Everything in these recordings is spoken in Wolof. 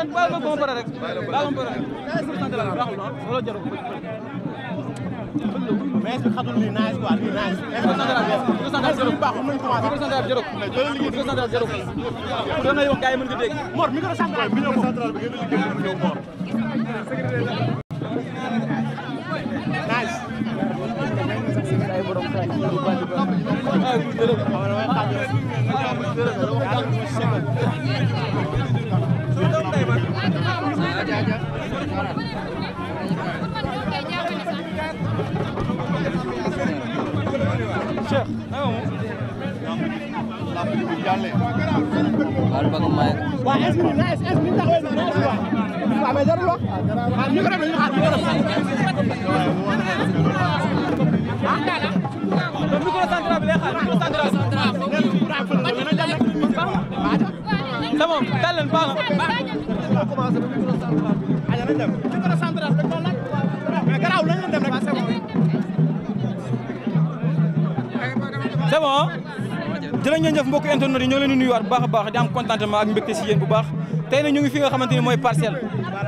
man baal ma comparé rek baal ma comparé loolu jarul mais est-ce que xatul lii nice quoi lii nice pourcentage jarul pourcentage jarul pourcentage jarul micro central bi ngeen di liggéey micro central bi ngeen di liggéey mor C'est bon jërë ngeen jëf mbokk internet yi ñoo leen nuyuwaat baax a baax di am contentement ak mbégte si yéen bu baax tey nag ñu ngi fi nga xamante ni mooy parcelle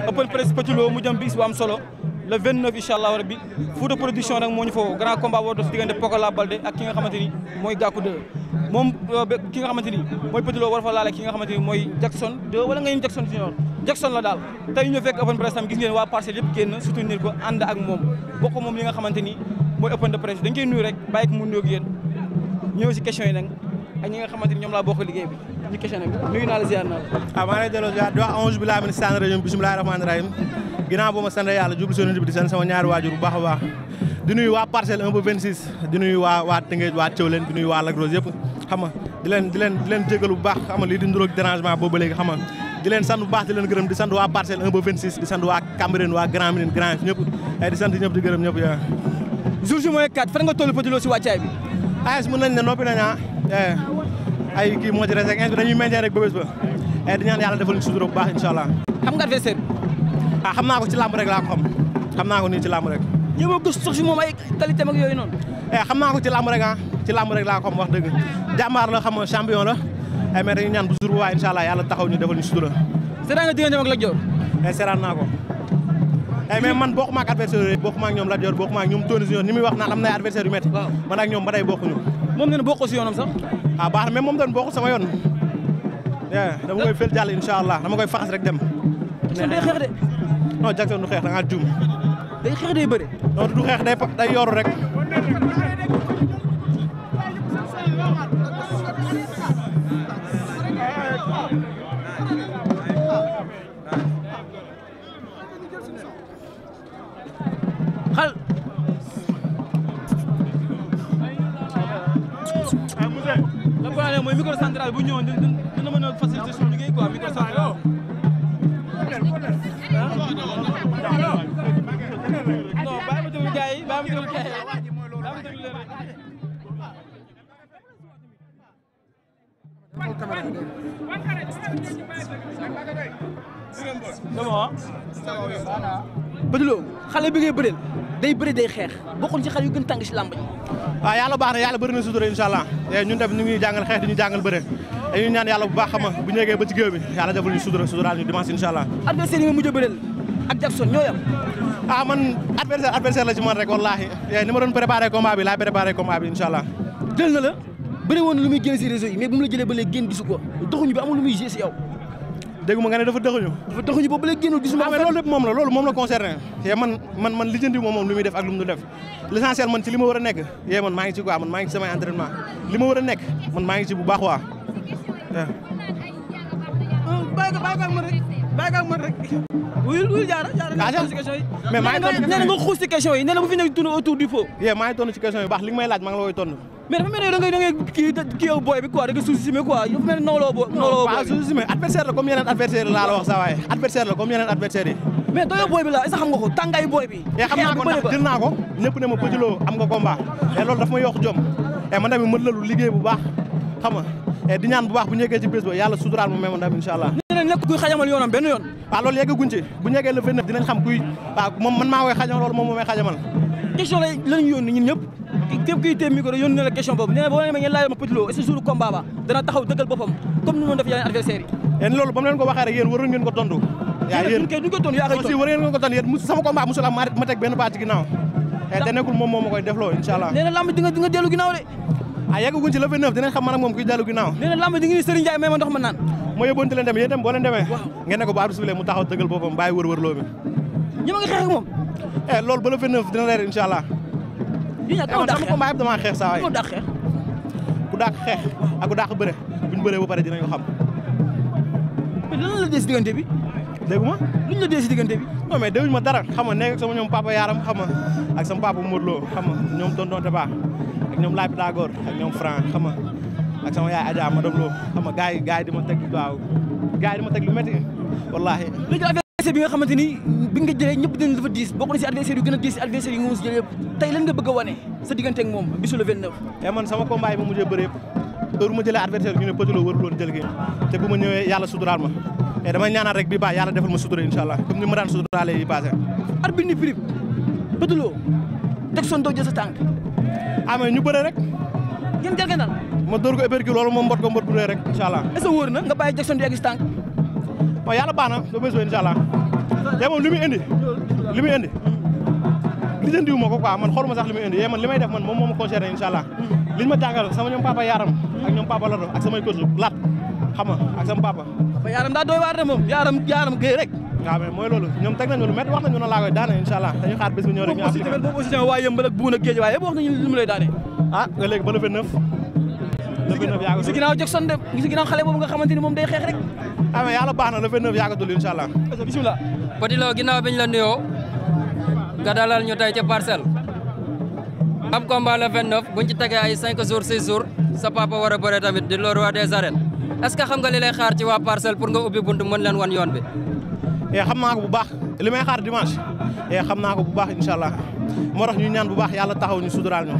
open press Petit mu jëm bis bu solo le 29 incha allah rabbi Fouta production nag moo ñu foofu grand combat boo dox si diggante Pokola Balde ak ki nga xamante ni mooy Gackou 2 moom euh, ki nga xamante ni mooy Petit Lo war fa laale ki nga xamante ni mooy Jackson 2 wala nga yéen Jackson ñu fekk ko rek bàyyi ko mu nuyoog yéen ñëw ak ñi nga xamante ñoom laa bokk liggéey bi ñu questionné bi nuyu naa la ziar naa la waaw ah, maa ngi di wax aouzu billahi mina shaytaani rajim bismillahi rahmaani rahim ginnaaw boo ma sant yàlla bi di sant sama ñaari waajur bu baax a baax di waa parcelle 1 waa waa waa Thiawlène di waa Lac yëpp xam nga di leen bu baax xam di nduróog waa parcelle di sant waa Cambérène waa Grand Médine Grand ñëpp eh, di sant ñëpp ay kii moo ci des rek instant dañuy maintenir rek ba ba et eh, di ñaan yàlla defal ñu sutura baax incha xam nga adversaire bi. Ah, xam naa ko ci làmb rek laa ko xam xam naa ko nii ci làmb rek. a gëstu si moom ay qualité ak yooyu noonu. eh xam naa ko ah. ci làmb rek laa ko xam wax dëgg jàmbaar la xam champion la ay eh, mais dañuy ñaan bu jour waaye incha allah yàlla taxaw ñu defal ñu sutura. seetaan nga diggante ak Lat Dior. eh seetaan naa ko. ay eh, mais man bokkuma ak adversaire yooyu bokkuma ñoom Lat Dior bokkuma ak wax na ay adversaire yu métti man ah baax na mais moom doon bokkul sama yoon. dama koy fël jàll incha allah dama koy faxas rek dem. Jackson day xeex de. non Jackson du xeex da ngaa day xeex day bëri. non du xeex day day rek. nag mooy microcentral bu ñëwoon dina mën a faciliter suñu liggéey quoi microcentral non bàyyi ma déglu gars yi bàyyi ma déglu gars yi Badou Lo xale bi ngay bëreel day bëri day xeex bokkul ci xale yu gën tàng si làmb ji waaw yàlla baax na yàlla bëri na sutura incha allah ñun tamit ñu xeex di ñu jàngal bëre dañuy ñaan yàlla bu baax bu ñëwee ba ci la bi yàlla defal ñu sutura suturaal ñu dimanche incha allah yi nga mujj a bëreel ak Jackson ñoo yam ah man adversaire la ci man rek wallaahi ni ma doon préparé combat bi laay préparé combat jël na la bëri woon lu muy génn dégguma nga ne dafa dëxuñu dafa dëxuñu boobu léegi génnul gisuma mais loolu lépp moom la loolu moom la concerné yee man man man lijjanti moom moom lu muy def ak lu mu du def l'essentiel man ci li ma war a nekk yee man maa ngi ci quoi man maa ngi ci samay entraînement li ma war a nekk man maa ngi ci bu baax waa bàyyi ko bàyyi ko ak man rek bàyyi ko ak man rek wuyul wuyul jaara jaara mais maa ngi tontu nee na nga xuus ci question yi nee na bu fi nekk tourné autour du pot yee maa ngi tontu ci question yi baax li nga may laaj maa ngi la koy tontu mais dafa mel ne da ngay da ngay kii kii yow booy bi quoi da nga sous-estimé quoi dafa mel ne nawloo booy. nawloo booy bi sous-estimé la comme yeneen adversaire laa wax saa waaye la comme yeneen adversaire yi. mais doyoo booy bi la est xam nga ko tàngaay booy bi. xam naa ko ndax naa ko ñëpp ne ma bëjuloo am nga combat et loolu daf ma yokk jom et eh, man tamit mën liggéey bu baax xam nga eh, di bu baax bu ñeggee ci bés ba yàlla suturaal mu ma ndam incha allah ah, ñu ne nekk ah, moom képp kuy téye micro yónni na la question boobu nee na boo leen ngeen ma Petit Lo est-ce que jour dana taxaw dëggal boppam comme ni mu doon def yeneen loolu ba ko waxee rek yéen waroon ko tontu yaa yéen duñ ko tontu yaa koy tontu aussi waroon ngeen ko tontu yéen sama combat musul am ma teg benn baat ci ginnaaw eh, te nekkul moom moo ma koy defloo insha allah nee na lamb de ah yeggaguñ ci le 29 dinañ eh, dina leer insha allah bi nga dama eh, ma yëpp damaa xeex saa waay dàq xeex ku dàq xeex ak ku dàq bëre bu ñu bëree ba pare xam mais lan la dee si diggante bi déggu ma luñ la dee si diggante bi non mais ma dara xam nga nekk ak sama ñoom papa yaaram xam nga ak sama papa Modou Lo xam nga ñoom tontonte baax ak ñoom laaj Pythagore ak ñoom Franc xam nga ak sama yaay Adja madame Lo xam nga gars yi gars yi di ma teg waaw gars yi di ma teg lu métti wallaahi adversaire bi nga xamante ni bi nga jëlee ñëpp dinañ dafa diis bokk na si adversaire gën a diis adversaire yi nga mos jëlee yëpp tey lan nga bëgg wane sa diggante ak moom bisu le 29. mais eh, man sama combat yi ma mujjee bëree heure bu ma jëlee adversaire ñu ne Petit Lo warul jël gi te bu ma ñëwee yàlla suturaal ma et eh, damay ñaanal rek bi baax yàlla defal ma sutura incha allah comme ma daan suturaalee yi passé ar bi ni prib Petit doo jël sa tànk ah, ñu moom mbot ko mbot bu rek na nga bàyyi Jackson di egg si ba bés ba incha te moom li muy indi li muy indi lijjantiwu ma ko moom moo ma concerné incha allah sama ñoom papa yaaram ak ñoom papa Lado ak samay kosu laat xam ak sama papa papa yaaram daa doy waar de moom yaaram yaaram géy mooy loolu ñoom teg nañu lu métti wax nañu na laa koy daane incha allah dañu xaar bés bu ñëw rek waaye yëpp wax nañu li mu lay daane ah nga léegi ba le 29 le 29 yaaga si ginnaaw ni moom Petit Lo ginnaaw biñ la nuyoo nga dalal ñu tey ca parcelle xam combat le 29 buñ ci tegee ay 5 jours 6 jours sa papa war a bëre tamit di le waa des arènes est-ce xam nga li lay xaar ci waa parcelle pour nga ubbi buntu mën leen wan yoon bi. eh xam naa ko bu baax li may xaar dimanche eh xam naa ko bu baax incha allah moo ñu ñaan bu baax yàlla taxaw ñu suturaal ñu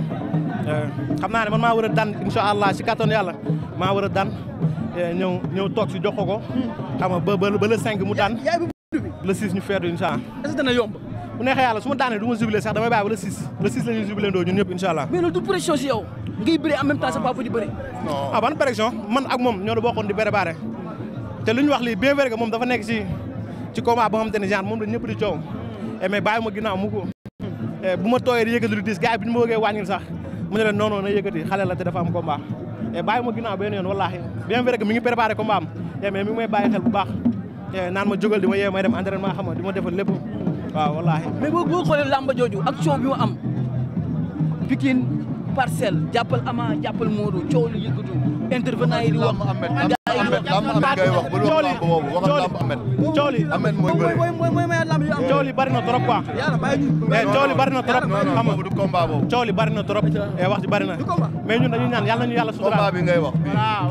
eh, xam naa ne man maa war a daan incha si kattan yàlla maa war a daan eh, ñëw ñëw toog si jox ko ko xam mu daan. le 6 ñu feetu incha allah. est-ce que dana yomb. bu neexee yàlla su ma daanee du ma jubilé sax damay bàyyi ba le 6 le 6 la allah. mais loolu pression si yow. ngay bëree en même temps sa papa di bëri. Ah, ban pression man ak moom ñoo bokkoon di préparé te lu ñu wax di coow eh, mais bàyyi ma ginnaaw mu ko eh, bu ma tooyee di yëkkati lu diis gars yi bu ñu ma bëggee wàññil mu ne leen na yëkkati xale la te dafa am combat eh, bàyyi ma ginnaaw Eh, naan ma jógal di ma yee may dem entraînement xam nga di ma defal lépp waaw wallaahi. mais boo boo xoolee làmba jooju ak coow bi mu am Pikine parcelle jàppal Ama jàppal Modou coow lu yëngatu intervenant yi di wax. cooli amet mooy bëri cooli bari na trop quoi eh, cooli bari na trop xam nga du combat boobu bari na trop eh, wax ji bari na mais ñun dañu ñaan yàlla nañu yàlla suturaal ngay wax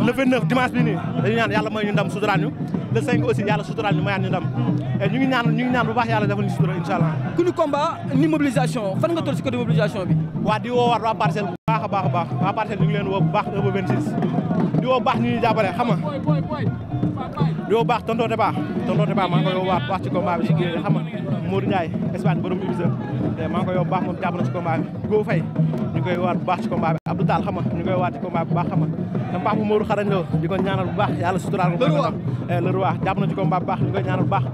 le 29 dimanche bi nii dañu ñaan yàlla ñu ndam suturaal le 5 aussi yàlla suturaal ñu mayaat ñu ndam ñu ngi ñaan ñu ngi ñaan bu baax yàlla defal ñu sutura incha allah ku ni mobilisation fan nga toll si côté mobilisation bi waa di woo waat waa parcelle bu baax a baax a baax waa parcelle ñu ngi leen woo bu baax heure ba 26 di baax ñu xam nga baax tonton Deba tonton Deba maa ngi koy woo waat baax ci combat bi si kii xam nga Modou Ndiaye Espagne borom Ibiza eh, maa ngi koy woo baax moom jàpp na si combat bi Go Faye ñu koy waat bu nga ñu koy waat ci combat bu baax xam nga sama papa Mourou xarañ la di ko ñaanal bu baax yàlla suturaal ko eh, le roi jàpp na ci combat bu baax ñu koy ñaanal bu baax